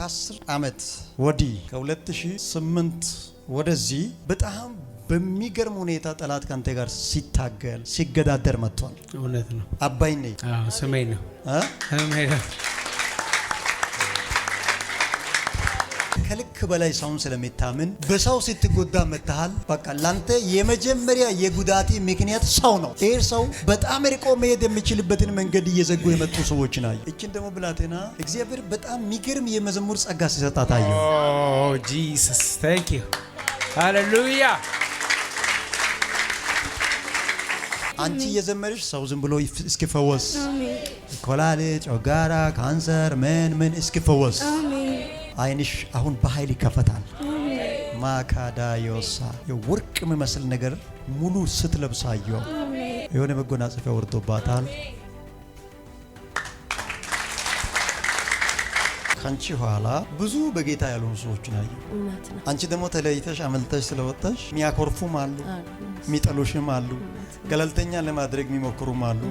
ከአስር ዓመት ወዲህ ከ2008 ወደዚህ በጣም በሚገርም ሁኔታ ጠላት ከአንተ ጋር ሲታገል ሲገዳደር መጥቷል። እውነት ነው። አባይ ነኝ። ስሜ ነው። ከልክ በላይ ሰውን ስለሚታምን በሰው ስትጎዳ መታሃል። በቃ ላንተ የመጀመሪያ የጉዳቴ ምክንያት ሰው ነው። ይህ ሰው በጣም ርቆ መሄድ የሚችልበትን መንገድ እየዘጉ የመጡ ሰዎች ናቸው። እችን ደግሞ ብላቴና እግዚአብሔር በጣም የሚገርም የመዝሙር ጸጋ ሲሰጣታየሁ ጂሰስ ታንክ ዩ ሃሌሉያ። አንቺ እየዘመርሽ ሰው ዝም ብሎ እስኪፈወስ ኮላሌ፣ ጮጋራ፣ ካንሰር ምን ምን እስኪፈወስ አይንሽ አሁን በኃይል ይከፈታል። ማካዳ ማካዳዮሳ የወርቅ የሚመስል ነገር ሙሉ ስትለብሳየው የሆነ መጎናጸፊያ ወርዶባታል። ከአንቺ ኋላ ብዙ በጌታ ያልሆኑ ሰዎች አየ። አንቺ ደግሞ ተለይተሽ አመልተሽ ስለወጣሽ የሚያኮርፉም አሉ፣ የሚጠሉሽም አሉ፣ ገለልተኛ ለማድረግ የሚሞክሩም አሉ።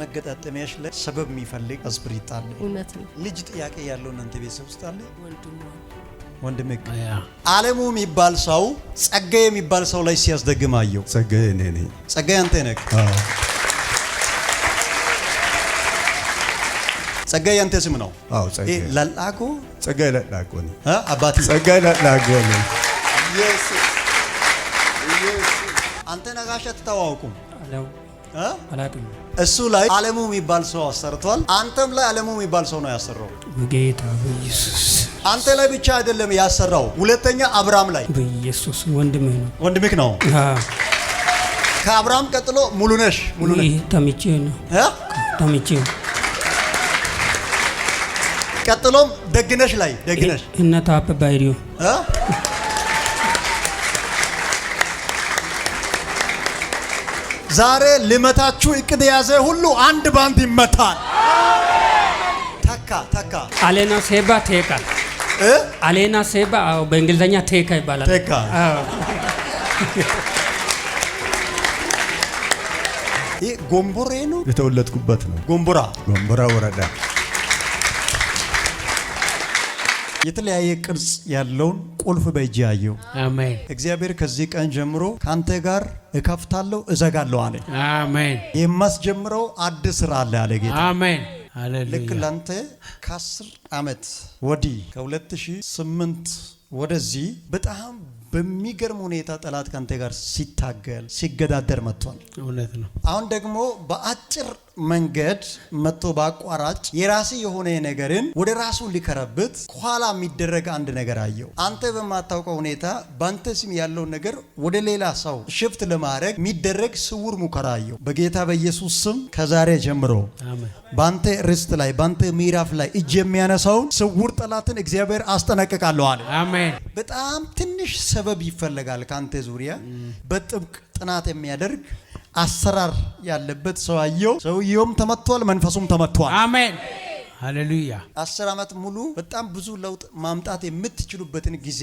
መገጣጠሚያሽ ላይ ሰበብ የሚፈልግ አስፕሪት አለ። እውነት ነው። ልጅ ጥያቄ ያለው እናንተ ቤተሰብ ውስጥ አለ። ወንድሜ አለሙ የሚባል ሰው ጸጋዬ የሚባል ሰው ላይ ሲያስደግም አየው። ጸጋዬ እኔ ነኝ። ጸጋዬ አንተ ነህ። ጸጋዬ አንተ ስም ነው። አዎ ጸጋዬ ለላቆ ጸጋዬ ለላቆ ነው። አባቴ ጸጋዬ ለላቆ ነው። ኢየሱስ ኢየሱስ አንተ ነጋሽ አትተዋወቁም? አለው አላውቅም። እሱ ላይ አለሙ የሚባል ሰው አሰርቷል። አንተም ላይ አለሙ የሚባል ሰው ነው ያሰራው። ጌታ በኢየሱስ አንተ ላይ ብቻ አይደለም ያሰራው፣ ሁለተኛ አብርሃም ላይ በኢየሱስ ወንድምህ ነው ወንድምህ ነው። ከአብርሃም ቀጥሎ ሙሉነሽ ሙሉነሽ ተምቼ ነው ተምቼ ቀጥሎም ደግነሽ ላይ ደግነሽ እነ ታፕ ባይሪዮ ዛሬ ልመታችሁ እቅድ የያዘ ሁሉ አንድ ባንድ ይመታል። ተካ ተካ አሌና ሴባ ቴካ አሌና ሴባ በእንግሊዝኛ ቴካ ይባላል። ቴካ ጎንቦሬ ነው። የተወለድኩበት ነው ጎንቦራ ጎንቦራ ወረዳ የተለያየ ቅርጽ ያለውን ቁልፍ በእጅ ያየው። አሜን። እግዚአብሔር ከዚህ ቀን ጀምሮ ካንተ ጋር እከፍታለሁ እዘጋለሁ አለ። አሜን። የማስጀምረው አዲስ ስራ አለ አለ ጌታ። አሜን። ልክ ላንተ ከአስር ዓመት ወዲህ ከ2008 ወደዚህ በጣም በሚገርም ሁኔታ ጠላት ካንተ ጋር ሲታገል ሲገዳደር መጥቷል። እውነት ነው። አሁን ደግሞ በአጭር መንገድ መጥቶ በአቋራጭ የራሴ የሆነ ነገርን ወደ ራሱ ሊከረብት ከኋላ የሚደረግ አንድ ነገር አየው። አንተ በማታውቀው ሁኔታ በአንተ ስም ያለውን ነገር ወደ ሌላ ሰው ሽፍት ለማድረግ የሚደረግ ስውር ሙከራ አየው። በጌታ በኢየሱስ ስም ከዛሬ ጀምሮ በአንተ ርስት ላይ በአንተ ምዕራፍ ላይ እጅ የሚያነሳውን ስውር ጠላትን እግዚአብሔር አስጠነቅቃለሁ አለ። በጣም ትንሽ ሰበብ ይፈለጋል ከአንተ ዙሪያ በጥብቅ ጥናት የሚያደርግ አሰራር ያለበት ሰውየው ሰውየውም ተመቷል፣ መንፈሱም ተመቷል። አሜን ሃሌሉያ። አስር ዓመት ሙሉ በጣም ብዙ ለውጥ ማምጣት የምትችሉበትን ጊዜ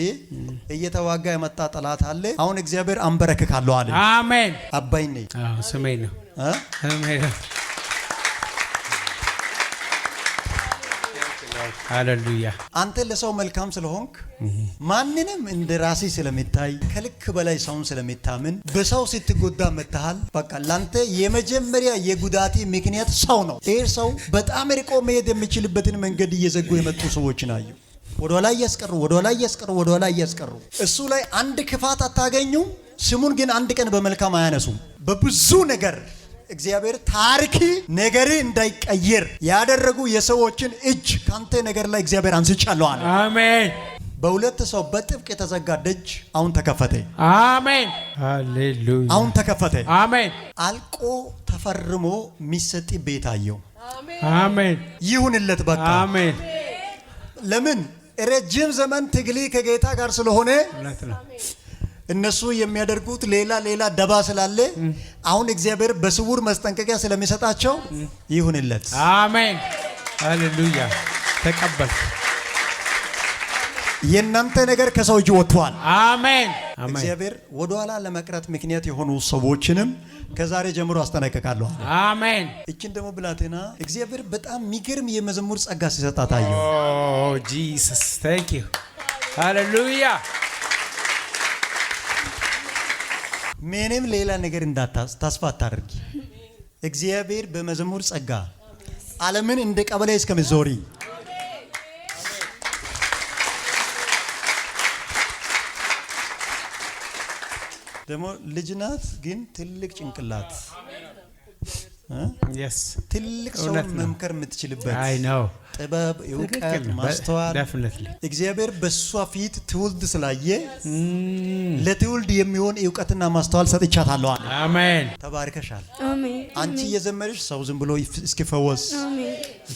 እየተዋጋ የመጣ ጠላት አለ። አሁን እግዚአብሔር አንበረክካለሁ አለ። አሜን። አባይ ነኝ፣ ስሜ ነው። ሃሌሉያ። አንተ ለሰው መልካም ስለሆንክ ማንንም እንደ ራሴ ስለሚታይ ከልክ በላይ ሰውን ስለሚታምን በሰው ስትጎዳ መታሃል። በቃ ላንተ የመጀመሪያ የጉዳቴ ምክንያት ሰው ነው። ይህ ሰው በጣም ርቆ መሄድ የሚችልበትን መንገድ እየዘጉ የመጡ ሰዎች ናቸው። ወደኋላ እያስቀሩ ወደኋላ እያስቀሩ ወደኋላ እያስቀሩ እሱ ላይ አንድ ክፋት አታገኙም። ስሙን ግን አንድ ቀን በመልካም አያነሱም። በብዙ ነገር እግዚአብሔር ታሪኪ ነገር እንዳይቀየር ያደረጉ የሰዎችን እጅ ካንተ ነገር ላይ እግዚአብሔር አንስቻለሁ አለ። አሜን። በሁለት ሰው በጥብቅ የተዘጋ ደጅ አሁን ተከፈተ። አሜን። ሃሌሉያ። አሁን ተከፈተ። አሜን። አልቆ ተፈርሞ የሚሰጥ ቤት አየው። አሜን። ይሁንለት በቃ። አሜን። ለምን ረጅም ዘመን ትግሌ ከጌታ ጋር ስለሆነ እነሱ የሚያደርጉት ሌላ ሌላ ደባ ስላለ አሁን እግዚአብሔር በስውር መስጠንቀቂያ ስለሚሰጣቸው ይሁንለት። አሜን፣ ሃሌሉያ። ተቀበል። የእናንተ ነገር ከሰው እጅ ወጥቷል። አሜን። እግዚአብሔር ወደኋላ ለመቅረት ምክንያት የሆኑ ሰዎችንም ከዛሬ ጀምሮ አስጠነቅቃለሁ። አሜን። እችን ደግሞ ብላቴና እግዚአብሔር በጣም የሚገርም የመዘሙር ጸጋ ሲሰጣታየሁ ጂሰስ ታንክ ዩ ሃሌሉያ ምንም ሌላ ነገር እንዳታስፋ አታደርጊ። እግዚአብሔር በመዝሙር ጸጋ ዓለምን እንደ ቀበሌ እስከ ሚዞሪ! ደግሞ ልጅ ናት፣ ግን ትልቅ ጭንቅላት ትልቅ ሰው መምከር የምትችልበት ጥበብ፣ እውቀት፣ ማስተዋል እግዚአብሔር በእሷ ፊት ትውልድ ስላየ ለትውልድ የሚሆን እውቀትና ማስተዋል ሰጥቻታለሁ። አሜን። ተባርከሻል። አንቺ እየዘመርሽ ሰው ዝም ብሎ እስኪፈወስ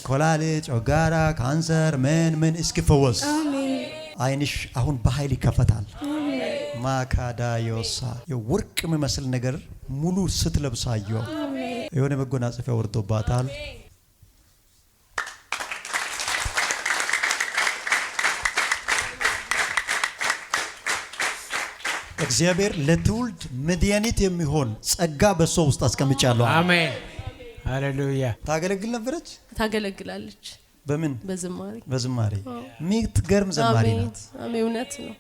ኮላሌ፣ ጮጋራ፣ ካንሰር ምን ምን እስኪፈወስ አይንሽ አሁን በኃይል ይከፈታል። ማካዳዮሳ የወርቅ የሚመስል ነገር ሙሉ ስትለብሳየው የሆነ መጎናጸፊያ ወርዶባታል። እግዚአብሔር ለትውልድ መድኃኒት የሚሆን ጸጋ በእሷ ውስጥ አስቀምጫለሁ። አሜን፣ ሃሌሉያ። ታገለግል ነበረች፣ ታገለግላለች። በምን በዝማሬ በዝማሬ የሚገርም ዘማሪ ናት። እውነት ነው።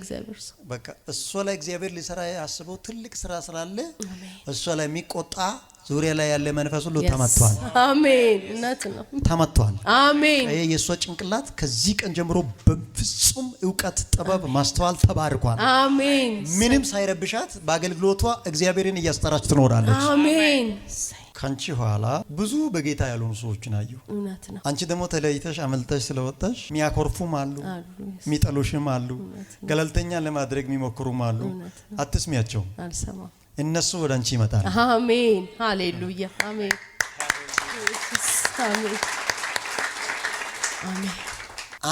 እግዚአብሔር በቃ እሷ ላይ እግዚአብሔር ሊሰራ ያስበው ትልቅ ስራ ስላለ እሷ ላይ የሚቆጣ ዙሪያ ላይ ያለ መንፈስ ሁሉ ተመቷል። አሜን። እናት ነው ተመቷል። አሜን። የእሷ ጭንቅላት ከዚህ ቀን ጀምሮ በፍጹም እውቀት፣ ጥበብ፣ ማስተዋል ተባርኳል። አሜን። ምንም ሳይረብሻት በአገልግሎቷ እግዚአብሔርን እያስጠራች ትኖራለች። አሜን። ከአንቺ ኋላ ብዙ በጌታ ያልሆኑ ሰዎችን አየሁ። አንቺ ደግሞ ተለይተሽ አመልጠሽ ስለወጣሽ ሚያኮርፉም አሉ፣ ሚጠሉሽም አሉ፣ ገለልተኛ ለማድረግ የሚሞክሩም አሉ። አትስሚያቸውም። እነሱ ወደ አንቺ ይመጣል። አሜን፣ ሃሌሉያ፣ አሜን፣ አሜን፣ አሜን።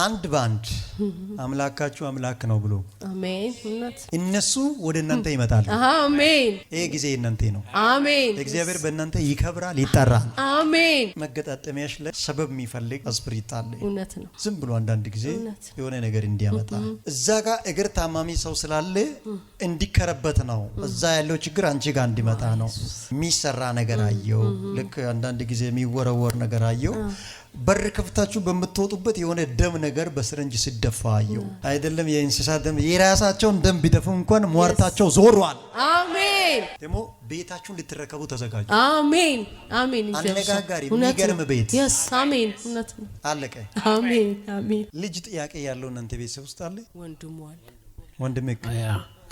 አንድ በአንድ አምላካችሁ አምላክ ነው ብሎ እነሱ ወደ እናንተ ይመጣሉ። አሜን። ይሄ ጊዜ እናንተ ነው። አሜን። እግዚአብሔር በእናንተ ይከብራል፣ ይጠራል። አሜን። መገጣጠሚያሽ ላይ ሰበብ የሚፈልግ አስፕሪት አለ። እውነት ነው። ዝም ብሎ አንዳንድ ጊዜ የሆነ ነገር እንዲያመጣ እዛ ጋር እግር ታማሚ ሰው ስላለ እንዲከረበት ነው። እዛ ያለው ችግር አንቺ ጋር እንዲመጣ ነው። የሚሰራ ነገር አየው። ልክ አንዳንድ ጊዜ የሚወረወር ነገር አየው በር ከፍታችሁ በምትወጡበት የሆነ ደም ነገር በስረንጅ ሲደፋ አየው። አይደለም የእንስሳት ደም፣ የራሳቸውን ደም ቢደፉ እንኳን ሟርታቸው ዞሯል። አሜን። ደግሞ ቤታችሁን ልትረከቡ ተዘጋጁ። አሜን፣ አሜን። አነጋጋሪ የሚገርም ቤት አሜን። እውነት ነው። አለቀ። አሜን፣ አሜን። ልጅ ጥያቄ ያለው እናንተ ቤተሰብ ውስጥ አለ? ወንድሙ አለ። ወንድሜ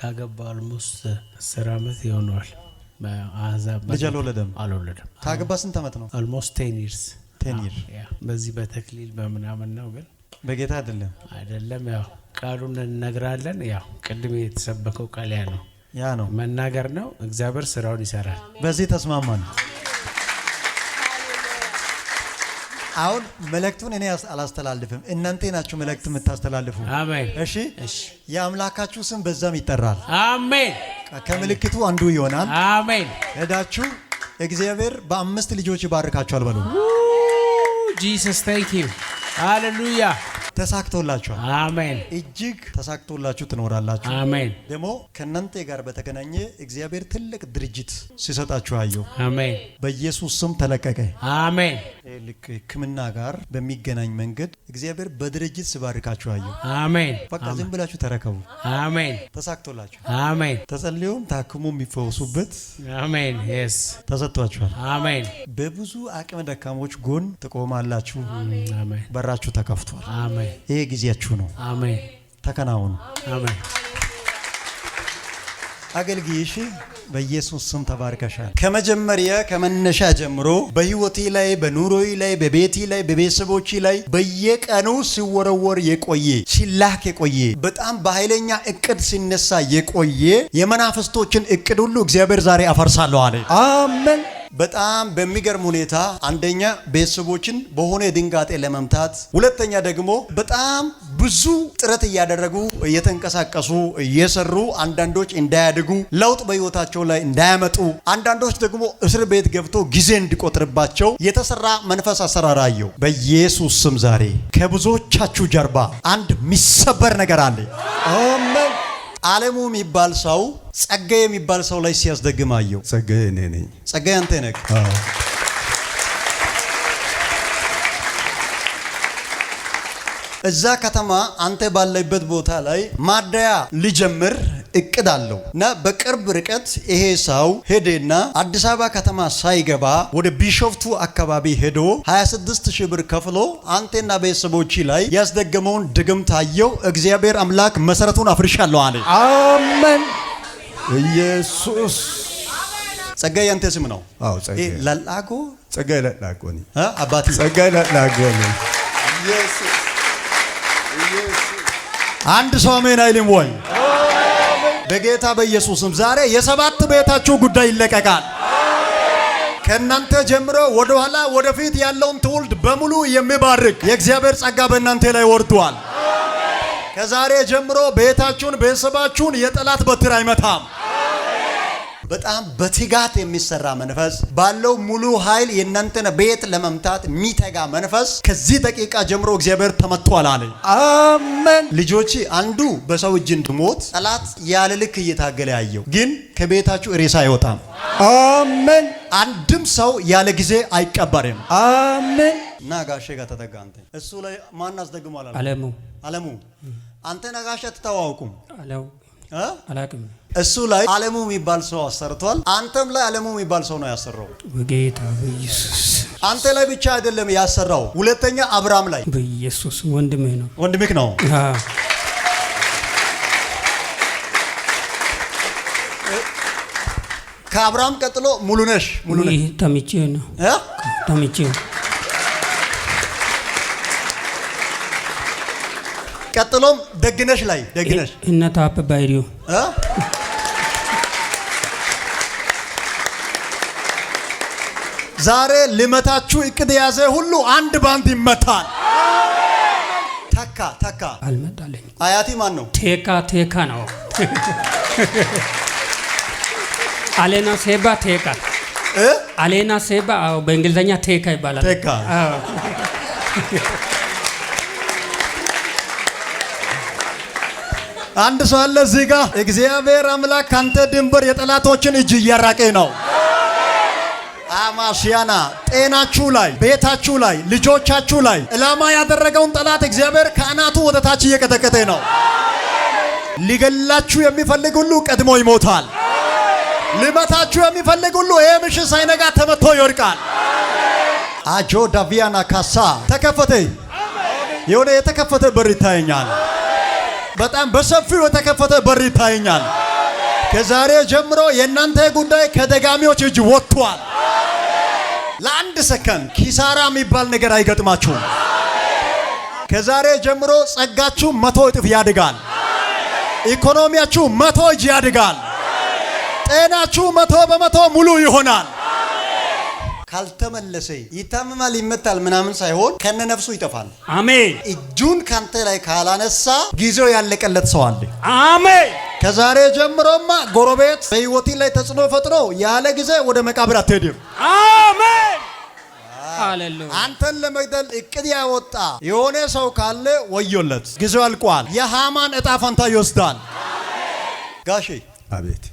ካገባ አልሞስት አስር ዓመት ይሆነዋል። ልጅ አልወለደም። አልወለደም። ካገባ ስንት ዓመት ነው? አልሞስት ቴን ይርስ ቴኒር በዚህ በተክሊል በምናምን ነው ግን በጌታ አይደለም አይደለም። ያው ቃሉን እንነግራለን። ያው ቅድም የተሰበከው ቃል ያ ነው ያ ነው መናገር ነው። እግዚአብሔር ስራውን ይሰራል። በዚህ ተስማማን። አሁን መልእክቱን እኔ አላስተላልፍም፣ እናንተ ናችሁ መልእክት የምታስተላልፉ። አሜን። እሺ፣ የአምላካችሁ ስም በዛም ይጠራል። አሜን። ከምልክቱ አንዱ ይሆናል። አሜን። ሄዳችሁ እግዚአብሔር በአምስት ልጆች ይባርካችኋል በሉ Jesus. Thank you. Hallelujah. ተሳክቶላችኋል። አሜን። እጅግ ተሳክቶላችሁ ትኖራላችሁ። አሜን። ደግሞ ከእናንተ ጋር በተገናኘ እግዚአብሔር ትልቅ ድርጅት ሲሰጣችሁ አየሁ። አሜን። በኢየሱስ ስም ተለቀቀ። አሜን። ልክ ሕክምና ጋር በሚገናኝ መንገድ እግዚአብሔር በድርጅት ሲባርካችሁ አየሁ። አሜን። በቃ ዝም ብላችሁ ተረከቡ። አሜን። ተሳክቶላችሁ። አሜን። ተጸልዮም ታክሙ የሚፈወሱበት አሜን። ስ ተሰጥቷችኋል። አሜን። በብዙ አቅመ ደካሞች ጎን ትቆማላችሁ። በራችሁ ተከፍቷል። አሜን። ይሄ ጊዜያችሁ ነው። አሜን። ተከናውኑ። አሜን። አገልግይሽ በኢየሱስ ስም ተባርከሻል። ከመጀመሪያ ከመነሻ ጀምሮ በህይወቴ ላይ በኑሮዬ ላይ በቤቴ ላይ በቤተሰቦቼ ላይ በየቀኑ ሲወረወር የቆየ ሲላክ የቆየ በጣም በኃይለኛ እቅድ ሲነሳ የቆየ የመናፍስቶችን እቅድ ሁሉ እግዚአብሔር ዛሬ አፈርሳለሁ አለ። አሜን። በጣም በሚገርም ሁኔታ አንደኛ ቤተሰቦችን በሆነ ድንጋጤ ለመምታት፣ ሁለተኛ ደግሞ በጣም ብዙ ጥረት እያደረጉ እየተንቀሳቀሱ እየሰሩ አንዳንዶች እንዳያድጉ ለውጥ በህይወታቸው ላይ እንዳያመጡ፣ አንዳንዶች ደግሞ እስር ቤት ገብቶ ጊዜ እንዲቆጥርባቸው የተሰራ መንፈስ አሰራራየው በኢየሱስ ስም ዛሬ ከብዙዎቻችሁ ጀርባ አንድ የሚሰበር ነገር አለ። አለሙ የሚባል ሰው ጸጋዬ የሚባል ሰው ላይ ሲያስደግም አየው። ጸጋዬ እኔ ነኝ። ጸጋዬ አንተ ነህ። እዛ ከተማ አንተ ባለበት ቦታ ላይ ማደያ ሊጀምር እቅድ አለው እና በቅርብ ርቀት ይሄ ሰው ሄደና አዲስ አበባ ከተማ ሳይገባ ወደ ቢሾፍቱ አካባቢ ሄዶ 26 ሺህ ብር ከፍሎ አንቴና ቤተሰቦች ላይ ያስደገመውን ድግም ታየው። እግዚአብሔር አምላክ መሰረቱን አፍርሻለሁ አለ። አሜን። ኢየሱስ ጸጋዬ ያንተ ስም ነው። አዎ ጸጋዬ ለላጎ አባቴ ጸጋዬ ለላጎ ኢየሱስ አንድ ሰው አሜን አይልም ወይ? በጌታ በኢየሱስም ዛሬ የሰባት ቤታችሁ ጉዳይ ይለቀቃል። ከእናንተ ጀምሮ ወደ ኋላ ወደፊት ያለውን ትውልድ በሙሉ የሚባርክ የእግዚአብሔር ጸጋ በእናንተ ላይ ወርዷል። ከዛሬ ጀምሮ ቤታችሁን፣ ቤተሰባችሁን የጠላት በትር አይመታም። በጣም በትጋት የሚሰራ መንፈስ ባለው ሙሉ ኃይል የእናንተን ቤት ለመምታት የሚተጋ መንፈስ ከዚህ ደቂቃ ጀምሮ እግዚአብሔር ተመቷል አለ። አሜን። ልጆች አንዱ በሰው እጅ እንድሞት ጠላት ያለ ልክ እየታገለ ያየው ግን ከቤታችሁ ሬሳ አይወጣም። አሜን። አንድም ሰው ያለ ጊዜ አይቀበርም። አሜን። እና ጋሼ ጋር ተጠጋ አንተ እሱ ላይ ማን አስደግሟል? አለሙ አለሙ አንተ ነጋሽ አለው አላቅም እሱ ላይ አለሙ የሚባል ሰው አሰርቷል። አንተም ላይ አለሙ የሚባል ሰው ነው ያሰራው። በጌታ በኢየሱስ አንተ ላይ ብቻ አይደለም ያሰራው፣ ሁለተኛ አብርሃም ላይ በኢየሱስ ወንድምህ ነው ወንድምህ ነው። ከአብርሃም ቀጥሎ ሙሉነሽ ሙሉነሽ ተምቼ ነው ተምቼ ቀጥሎም ደግነሽ ላይ ደግነሽ እነ ባይሪዮ ባይሪው ዛሬ ልመታችሁ እቅድ የያዘ ሁሉ አንድ ባንድ ይመታል። ተካ ተካ አልመጣለኝ። አያቲ ማን ነው? ቴካ ቴካ ነው። አሌና ሴባ ቴካ አሌና ሴባ በእንግሊዝኛ ቴካ ይባላል። ቴካ አንድ ሰው አለ እዚህ ጋር እግዚአብሔር አምላክ ካንተ ድንበር የጠላቶችን እጅ እያራቀ ነው። አማሽያና ጤናችሁ ላይ ቤታችሁ ላይ ልጆቻችሁ ላይ ዕላማ ያደረገውን ጠላት እግዚአብሔር ከአናቱ ወደ ታች እየቀጠቀጠ ነው። ሊገላችሁ የሚፈልግ ሁሉ ቀድሞ ይሞታል። ሊመታችሁ የሚፈልግ ሁሉ ይሄ ምሽት ሳይነጋ ተመቶ ይወድቃል። አጆ ዳቪያና ካሳ ተከፈተ። የሆነ የተከፈተ በር ይታየኛል። በጣም በሰፊው የተከፈተ በር ይታየኛል። ከዛሬ ጀምሮ የእናንተ ጉዳይ ከደጋሚዎች እጅ ወጥቷል። ለአንድ ሰከንድ ኪሳራ የሚባል ነገር አይገጥማችሁም። ከዛሬ ጀምሮ ጸጋችሁ መቶ እጥፍ ያድጋል። ኢኮኖሚያችሁ መቶ እጅ ያድጋል። ጤናችሁ መቶ በመቶ ሙሉ ይሆናል። ካልተመለሰ ይታመማል፣ ይመታል፣ ምናምን ሳይሆን ከነነፍሱ ይጠፋል። አሜን። እጁን ካንተ ላይ ካላነሳ ጊዜው ያለቀለት ሰው አለ። አሜን። ከዛሬ ጀምሮማ ጎረቤት በህይወት ላይ ተጽዕኖ ፈጥሮ ያለ ጊዜ ወደ መቃብር አትሄድም። አሜን። አንተን ለመግደል እቅድ ያወጣ የሆነ ሰው ካለ ወዮለት፣ ጊዜው አልቋል። የሃማን እጣ ፈንታ ይወስዳል። ጋሼ፣ አቤት።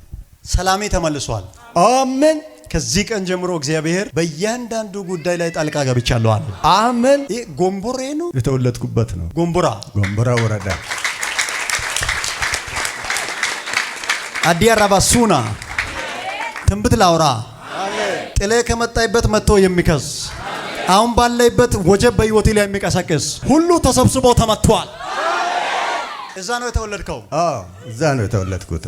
ሰላሜ ተመልሷል። አሜን። ከዚህ ቀን ጀምሮ እግዚአብሔር በእያንዳንዱ ጉዳይ ላይ ጣልቃ ገብቻለሁ አለ። አመን ጎንቦሬ ነው የተወለድኩበት ነው። ጎንቦራ ጎንቦራ ወረዳ አዲያራባ ሱና ትንብት ላውራ ጥሌ ከመጣይበት መጥቶ የሚከስ አሁን ባለይበት ወጀብ በህይወቴ ላይ የሚቀሰቅስ ሁሉ ተሰብስቦ ተመቷል። እዛ ነው የተወለድከው? እዛ ነው የተወለድኩት።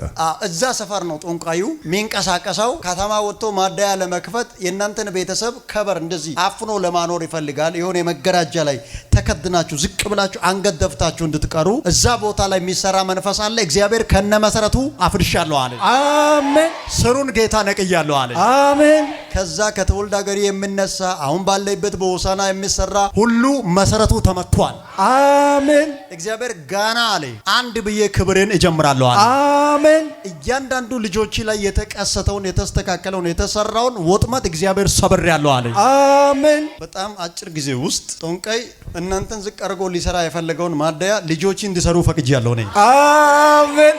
እዛ ሰፈር ነው ጦንቃዩ የሚንቀሳቀሰው። ከተማ ወጥቶ ማደያ ለመክፈት የእናንተን ቤተሰብ ከበር እንደዚህ አፍኖ ለማኖር ይፈልጋል። የሆነ የመገዳጃ ላይ ተከድናችሁ ዝቅ ብላችሁ አንገት ደፍታችሁ እንድትቀሩ እዛ ቦታ ላይ የሚሰራ መንፈስ አለ። እግዚአብሔር ከነ መሰረቱ አፍድሻለሁ አለ። አሜን። ስሩን ጌታ ነቅያለሁ አለ። አሜን። ከዛ ከተወልድ ሀገር የምነሳ አሁን ባለበት በሆሳና የሚሰራ ሁሉ መሰረቱ ተመቷል። አሜን። እግዚአብሔር ጋና አለ አንድ ብዬ ክብሬን እጀምራለሁ። አሜን። እያንዳንዱ ልጆች ላይ የተቀሰተውን የተስተካከለውን የተሰራውን ወጥመት እግዚአብሔር ሰብር ያለው አለ። አሜን። በጣም አጭር ጊዜ ውስጥ ጦንቀይ እናንተን ዝቅ አድርጎ ሊሰራ የፈለገውን ማደያ ልጆች እንዲሰሩ ያለው ነኝ። አሜን።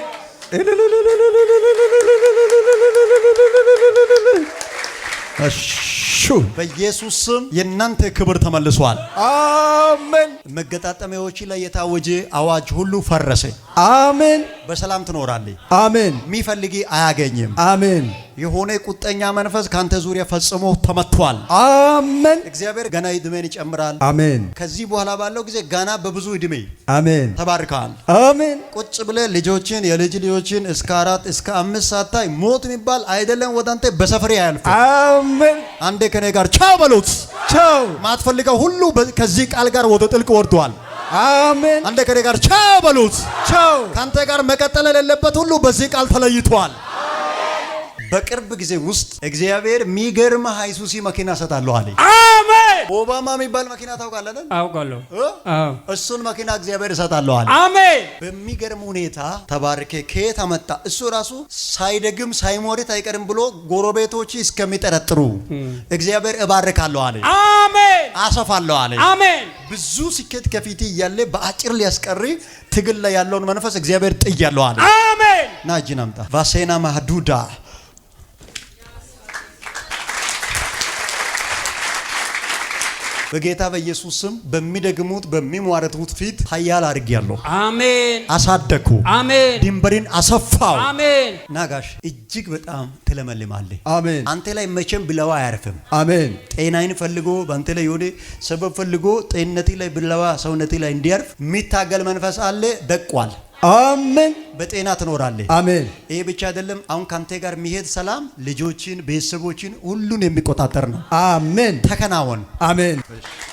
እሺ ሹ በኢየሱስ ስም የእናንተ ክብር ተመልሷል። አሜን። መገጣጠሚያዎች ላይ የታወጀ አዋጅ ሁሉ ፈረሰ። አሜን። በሰላም ትኖራለህ። አሜን። የሚፈልግ አያገኝም። አሜን። የሆነ ቁጠኛ መንፈስ ካንተ ዙሪያ ፈጽሞ ተመቷል። አሜን። እግዚአብሔር ገና እድሜን ይጨምራል። አሜን። ከዚህ በኋላ ባለው ጊዜ ገና በብዙ እድሜ አሜን። ተባርካል። አሜን። ቁጭ ብለ ልጆችን የልጅ ልጆችን እስከ አራት እስከ አምስት ሳታይ ሞት የሚባል አይደለም ወደ አንተ በሰፈሬ አሜን። አንዴ ከኔ ጋር ቻው በሉት። ቻው ማትፈልገው ሁሉ ከዚህ ቃል ጋር ወደ ጥልቅ ወርዷል። አሜን። አንድ ከኔ ጋር ቻው በሉት። ቻው ካንተ ጋር መቀጠል የሌለበት ሁሉ በዚህ ቃል ተለይቷል። በቅርብ ጊዜ ውስጥ እግዚአብሔር ሚገርም ሀይሱሲ መኪና ሰጣለሁ አለኝ። ኦባማ የሚባል መኪና ታውቃለህ? አውቃለሁ። እሱን መኪና እግዚአብሔር እሰጣለሁ አለ። አሜን። በሚገርም ሁኔታ ተባርኬ ከየት አመጣ? እሱ ራሱ ሳይደግም ሳይሞሪት አይቀርም ብሎ ጎረቤቶች እስከሚጠረጥሩ እግዚአብሔር እባርካለሁ አለ። አሜን። አሰፋለሁ አለ። አሜን። ብዙ ስኬት ከፊት እያለ በአጭር ሊያስቀሪ ትግል ላይ ያለውን መንፈስ እግዚአብሔር ጥያለሁ አለ። አሜን። ና እጅን አምጣ ቫሴና ማህዱዳ በጌታ በኢየሱስ ስም በሚደግሙት በሚሟረቱት ፊት ኃያል አድርጌያለሁ። አሜን። አሳደኩ። አሜን። ድንበሬን አሰፋው። አሜን። ናጋሽ እጅግ በጣም ትለመልማለህ። አሜን። አንተ ላይ መቼም ብለዋ አያርፍም። አሜን። ጤናይን ፈልጎ በአንተ ላይ የሆነ ሰበብ ፈልጎ ጤንነቴ ላይ ብለዋ ሰውነቴ ላይ እንዲያርፍ የሚታገል መንፈስ አለ። ደቋል። አሜን። በጤና ትኖራለህ። አሜን። ይሄ ብቻ አይደለም። አሁን ካንተ ጋር የሚሄድ ሰላም ልጆችን፣ ቤተሰቦችን ሁሉን የሚቆጣጠር ነው። አሜን። ተከናወን። አሜን።